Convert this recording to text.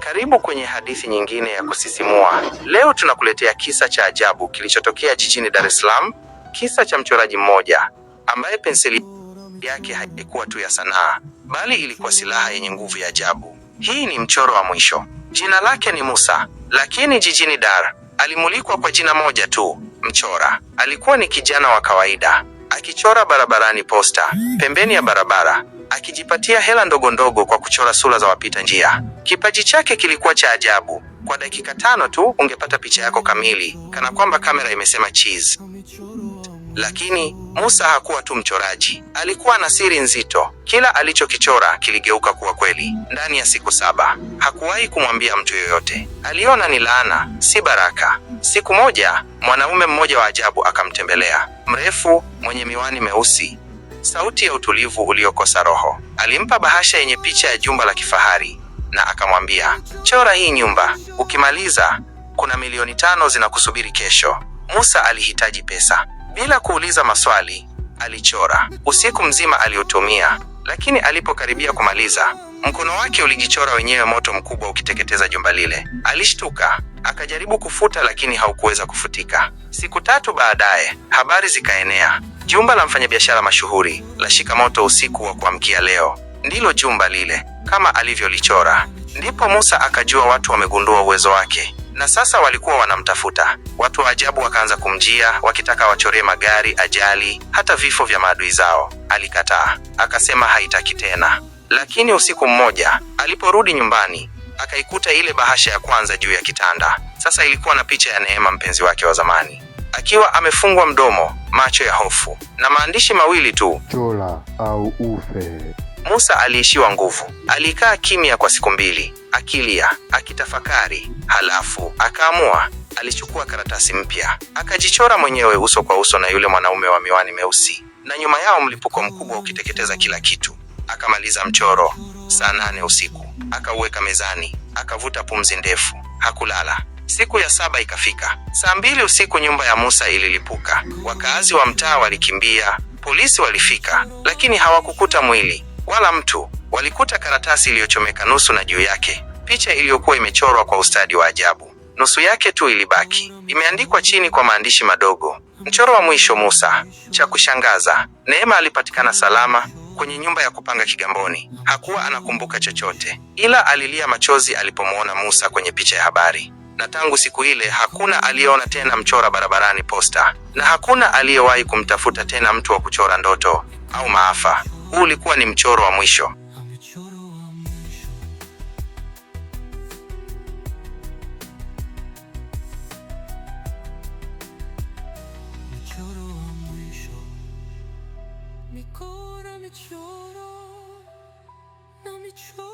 Karibu kwenye hadithi nyingine ya kusisimua. Leo tunakuletea kisa cha ajabu kilichotokea jijini Dar es Salaam, kisa cha mchoraji mmoja ambaye penseli yake haikuwa tu ya sanaa, bali ilikuwa silaha yenye nguvu ya ajabu. Hii ni mchoro wa mwisho. Jina lake ni Musa, lakini jijini Dar alimulikwa kwa jina moja tu, Mchora. Alikuwa ni kijana wa kawaida akichora barabarani, posta pembeni ya barabara akijipatia hela ndogo ndogo kwa kuchora sura za wapita njia. Kipaji chake kilikuwa cha ajabu. Kwa dakika tano tu ungepata picha yako kamili, kana kwamba kamera imesema cheese. Lakini Musa hakuwa tu mchoraji, alikuwa na siri nzito. Kila alichokichora kiligeuka kuwa kweli ndani ya siku saba. Hakuwahi kumwambia mtu yoyote, aliona ni laana, si baraka. Siku moja, mwanaume mmoja wa ajabu akamtembelea, mrefu, mwenye miwani meusi sauti ya utulivu uliokosa roho. Alimpa bahasha yenye picha ya jumba la kifahari na akamwambia, chora hii nyumba, ukimaliza kuna milioni tano zinakusubiri kesho. Musa alihitaji pesa. Bila kuuliza maswali, alichora usiku mzima aliotumia, lakini alipokaribia kumaliza, mkono wake ulijichora wenyewe, moto mkubwa ukiteketeza jumba lile. Alishtuka, akajaribu kufuta, lakini haukuweza kufutika. Siku tatu baadaye, habari zikaenea Jumba la mfanyabiashara mashuhuri la shika moto usiku wa kuamkia leo, ndilo jumba lile kama alivyolichora. Ndipo Musa akajua watu wamegundua uwezo wake, na sasa walikuwa wanamtafuta. Watu wa ajabu wakaanza kumjia wakitaka wachoree magari, ajali, hata vifo vya maadui zao. Alikataa, akasema haitaki tena. Lakini usiku mmoja aliporudi nyumbani akaikuta ile bahasha ya kwanza juu ya kitanda. Sasa ilikuwa na picha ya Neema, mpenzi wake wa zamani akiwa amefungwa mdomo, macho ya hofu na maandishi mawili tu, chora au ufe. Musa aliishiwa nguvu. Alikaa kimya kwa siku mbili, akilia, akitafakari. Halafu akaamua. Alichukua karatasi mpya, akajichora mwenyewe uso kwa uso na yule mwanaume wa miwani meusi, na nyuma yao mlipuko mkubwa ukiteketeza kila kitu. Akamaliza mchoro saa nane usiku, akauweka mezani, akavuta pumzi ndefu. Hakulala. Siku ya saba ikafika, saa mbili usiku nyumba ya Musa ililipuka. Wakaazi wa mtaa walikimbia, polisi walifika, lakini hawakukuta mwili wala mtu. Walikuta karatasi iliyochomeka nusu, na juu yake picha iliyokuwa imechorwa kwa ustadi wa ajabu. Nusu yake tu ilibaki, imeandikwa chini kwa maandishi madogo. Mchoro wa mwisho Musa. Cha kushangaza, Neema alipatikana salama kwenye nyumba ya kupanga Kigamboni. Hakuwa anakumbuka chochote, ila alilia machozi alipomwona Musa kwenye picha ya habari na tangu siku ile hakuna aliyeona tena mchora barabarani posta, na hakuna aliyewahi kumtafuta tena mtu wa kuchora ndoto au maafa. Huu ulikuwa ni mchoro wa mwisho. Michoro, na michoro.